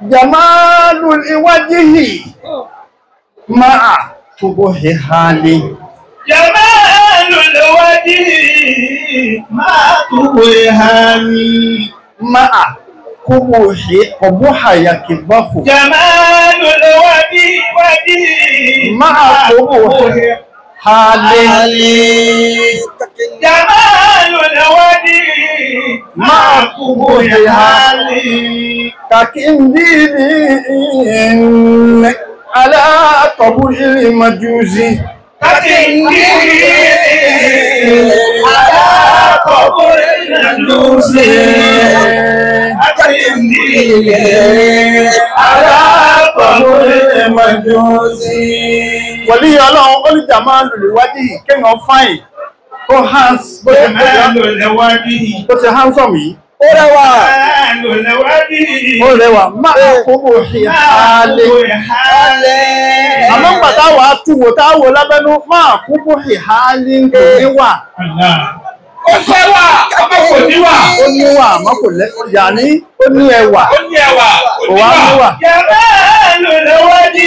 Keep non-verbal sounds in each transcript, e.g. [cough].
jamalu iwajihi ma'a tubuhi hali jamalu iwajihi ma'a tubuhi hali ma'a kubuhi kubuha yakibafu jamalu iwajihi ma'a kubuhi حالي جمال الودي مع قبول الحالي ككنديل على قبول المجوزي ككنديل على قبول المجوزي ككنديل على قبول المجوزي wọ̀lí ọlọ́run ó ní jàmá lùlù wájú yìí kéèyàn fáìn ó hans bó ṣe bó ṣe hansom yìí ó rẹwà ó rẹwà má kókó ìhálẹ̀ àmọ́ ń pàtà wà á túwò táwò lábẹ́nú má kókó ìhálẹ̀ kò ní wà. ó fẹ́wà ọmọ kò ní wà. ó ní wà má kò lẹ́ yàní ó ní ẹwà ó ní ẹwà kò ní wà. yàrá lòlẹ́wọ́ ní.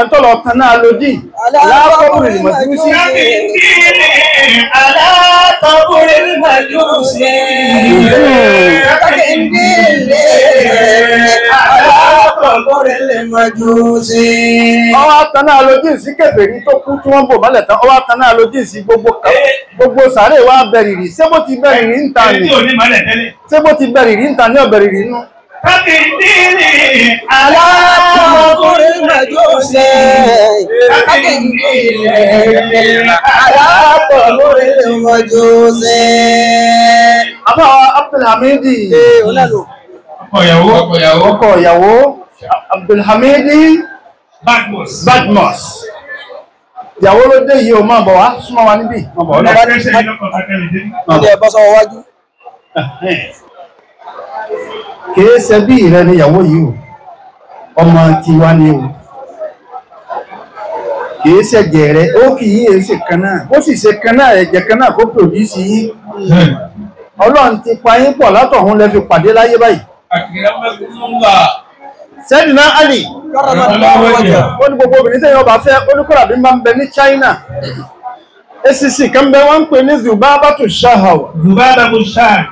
ẹ̀ntọ́lọ̀ kan náà ló dì aláàtọ̀bùrì mọ̀júúsí aláàtọ̀bùrì mọ̀júúsí aláàtọ̀bùrì mọ̀júúsí ọwá kan náà ló dì sí kèfèrí tó kú tí wọ́n bò mọ́lẹ̀ tán ọwá kan náà ló dì sí gbogbo eh. sàárè wá bẹ̀rìrì ṣé bó ti bẹ̀rìrì ń ta ni ṣé bó ti bẹ̀rìrì ń ta ni ọ̀bẹ̀rìrì nú Aláàtọ̀bùrì Àbá Abdulhamidi. Abdulhamidi. Badmus. Ìyàwó ló dé yìí o máa bọ̀ wá, súnmọ́ wa níbí. Kìí ṣe bí ìrẹ ìyàwó yìí o, ọmọ tiwa ni o kìí ṣẹ̀jẹ̀ rẹ ó kì í yẹn ṣe kan náà ó sì ṣe kan náà ẹ̀jẹ̀ kan náà kó pòdùsì yín hmm. ọlọ́run ti pa yín pọ̀ látọ̀hún lẹ pàdé láyé báyìí. sẹ́dínà Ali ó ní gbogbo obìnrin tẹ́yìn ọba fẹ́ oníkọ́ra bí máa ń bẹ ní China acc kan bẹ wọ́n ń pè ní Zubabatu Shahawa. Zubabatu Shahawa.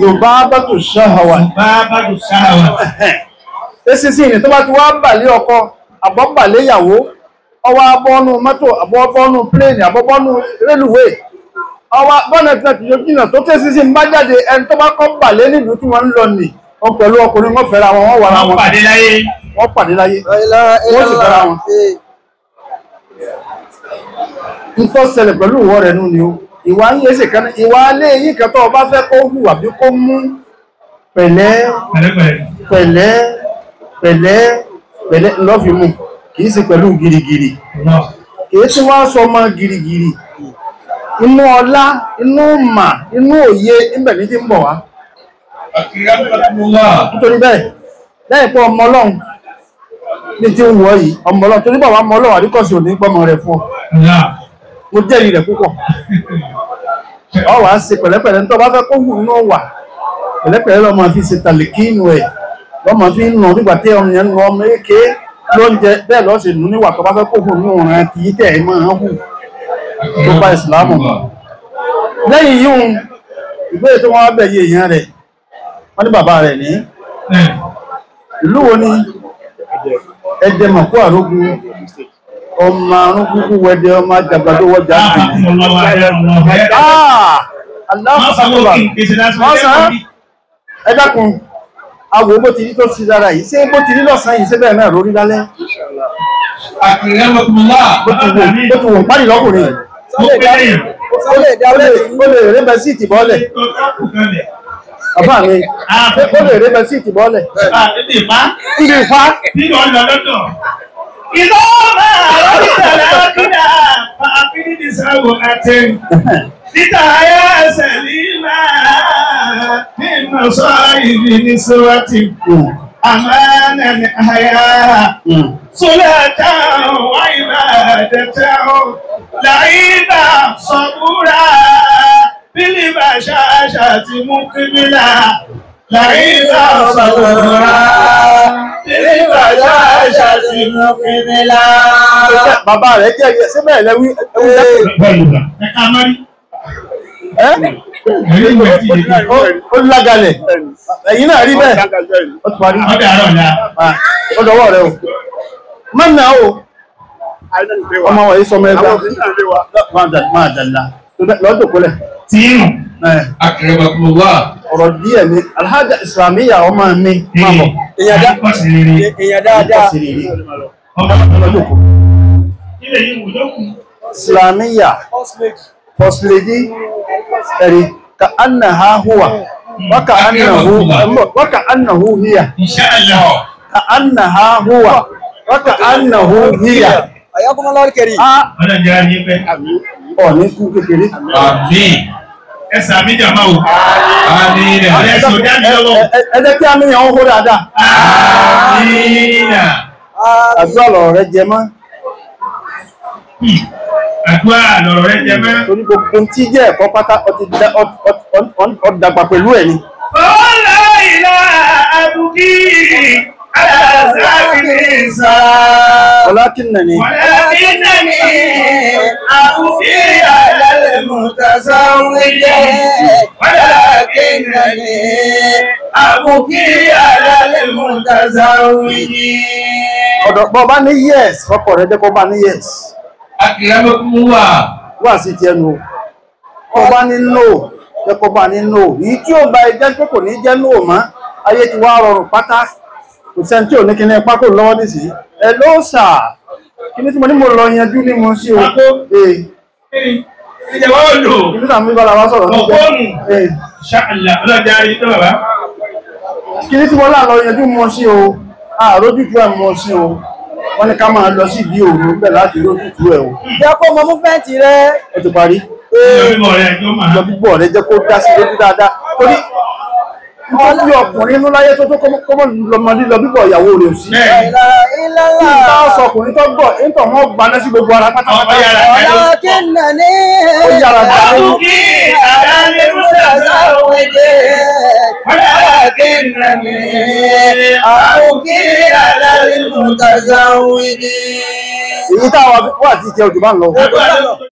Zubabatu Shahawa. Zubabatu Shahawa. [laughs] acc ni tó bá ti wá balẹ̀ ọkọ àbọ̀ balẹ̀ ìyàwó ọwọ́ abọ́nú mọ́tò abọ́bọ́nú pléènì abọ́bọ́nú rélùwéè ọwọ́ bọ́nà tí wọ́n ti yọ jìnnà tó tẹ́sí sí ń bá jáde ẹni tó bá kọ́ bà lé nílùú tí wọ́n ń lọ nì wọn pẹ̀lú ọkùnrin wọn fẹ́ra wọn wọ́n wàrà wọn wọ́n pàdé láyé wọ́n pàdé láyé wọ́n sì fẹ́ra wọn. ntọ́ ṣẹlẹ̀ pẹ̀lú ìwọ rẹ̀ nù ni o ìwà ń yẹsẹ̀ kan ìwà alẹ́ yìí kan tó o bá fẹ́ kó hù àbí kó mú pẹ̀lẹ́ pẹ̀lẹ́ pẹ̀lẹ́ pẹ̀lẹ́ lọ́ọ̀fì kìí ṣe pẹ̀lú girigiri kìí ṣe wá sọ ọmọ girigiri inú ọlá inú mà inú òye níbẹ̀ ní ti ń bọ̀ wá. nítorí bẹ́ẹ̀ lẹ́yìn pé ọmọ ọlọ́run ní ti ń wọ̀ yìí ọmọ ọlọ́run torí bàbá ọmọ ọlọ́run àríkọ̀sí ò ní gbọ́mọ rẹ̀ fún ọ mo jẹ́rìí rẹ̀ púpọ̀ ọ wà á ṣe pẹ̀lẹ́pẹ̀lẹ́ nítorí bá fẹ́ kó wù inú wà pẹ̀lẹ́pẹ̀lẹ́ lọ́mọ fi ṣe tàlẹ́kì inú ẹ̀ lọ́mọ fi ń nà nígbà tí ọmọ yẹn ń lọ ọmọ èké lóúnjẹ bẹ́ẹ̀ lọ́ọ́ ṣe nù níwà tó bá fẹ́ kó hù ní òun àti tẹ̀ ẹ́ máa hù tó bá ìsìlámù lọ. lẹ́yìn yíhun ìbéèrè tó wọ́n wá bẹ̀yẹ èèyàn rẹ̀ wọ́n ní bàbá rẹ̀ ní ìlú wo ni ẹ̀jẹ̀ mọ̀kú àrógún ọmọ àrùn kúkú wẹ̀dẹ̀ ọmọ àjàgbàdo wọ́jà ààbò aláàbò sàkóbà wọ́n sàn ẹ dákun àwò bó ti rí tó ti dára yìí ṣé bó ti rí lọ́sàn-án yìí ṣé bẹ́ẹ̀ náà lórí lálẹ́. bó ti wò bó ti wò pálí lọ́kùnrin yìí ó lè dá ó lè rébẹ sí ìtìbọ́lẹ̀ bàbá mi ó lè rébẹ sí ìtìbọ́lẹ̀. ìdìpá ìdìpá. nínú ọ̀nà lọ́dọ̀. ìlú máa lọ́dún tẹ̀lé ọ̀kìnà àfihàn ìdìsáwò àti títà ayé ẹsẹ̀ lílá المصائب نسوتكم أمانا حياء صلاة وعبادة لعيبا صبورا بالبشاشة مقبلا لعيبا صبورا Bàbá rẹ̀ jẹ́ ẹ̀yẹ sí mẹ́ẹ̀lẹ́wí ẹ̀wí dákùnrin. Ẹ ó lágalẹ̀ ẹ̀yin náà rí bẹ́ẹ̀ ó ti parí ah, ó dọwọ́ rẹ o mọ́nà o ọmọ wọ̀nyí sọmọ ẹgbẹ́ máa dàlá lọ́dọ̀kọ́lẹ̀ tíìmù akẹrẹbàkúrò wà. ọ̀rọ̀ díẹ̀ ni alhaja islamiya ọmọ mi máa bọ̀ èèyàn dáadáa ọmọ mi lọ́dọ̀kọ́. islamiya first lady ẹ̀rí ka anna ha huwa waka anna hu waka anna hu hiya ka anna ha huwa waka anna hu hiya ayakunmọ lọrí kẹrì. ọ̀nà jẹ́ ayé pẹ́. ọ̀ní kú kékeré. àmín ẹ sàmì jàmbá o. àmín ẹ sọ jáde lọ́wọ́. ẹ jẹ́ kí àmì yẹn ń hó dáadáa. àmín. àdúrà rẹ jẹ mọ́. Hmm àdúrà lọ̀rọ̀ rẹ jẹ mẹ́. torí gbogbo tí jẹ́ ẹ̀kọ́ pátá ọ̀dàgbà pẹ̀lú ẹ̀ ni. ọ̀la ìlà àbùkí aláàzáàbìnrin sá. ọ̀làkín nàní. ọ̀làkín nàní àbùkí alálẹ̀mùtàsáwìlẹ̀ ọ̀làkín nàní àbùkí alálẹ̀mùtàsáwìlẹ̀. ọ̀dọ̀ bọ́ bá ní yẹ́s fọ́pọ̀ rẹ jẹ́ bá ní yẹ́s akìlámẹ́kúnmúwà wà sí ti ẹnu ọba ní no ẹkọba ní no yìí tí ó bá ẹjẹ́ pé kò ní jẹ́ no mọ́ ayé ti wá rọrùn pátá kò sẹ́ni tí ò ní kíní ipá kò lọ́wọ́ nísìnyí ẹ ló sà kíní tí mo ní mo lọ yanjú ní mo sí o ìjọba òdò ìlú tàbí bá làwọn sọ̀rọ̀ ní ọgbọ́nù ṣàlà ọlọ́jà ayé tó bàbá kíní tí mo lọ yanjú mo sí o àròjù tó ẹ̀ mo sí o wọ́n ní ká máa lọ sí ìdí òru ń bẹ̀ láti rí òkùnkù ẹ̀ o. jẹ́ kó mọ múfẹ́ǹtì rẹ. ó ti parí. ìjọ bíbọ̀ rẹ jẹ́ kó dá sí lójú dáadáa torí nítorí ọkùnrin inú láyé tó tó kọ́mọ́ lọmọ lílọ bíbọ̀ ìyàwó rẹ̀ sí. ìlà ọsọ ọkùnrin tó gbọ̀ ìtọ̀ wọn gbaná sí gbogbo ara pátápátá. ọ̀la kí nàní. ó yára dáná. àbùkí àdáni rúdà sáwọn èdè. لكنني أبكي على المتزوجين. èyí táwọn wà sí ìtẹ́ òjò lọ.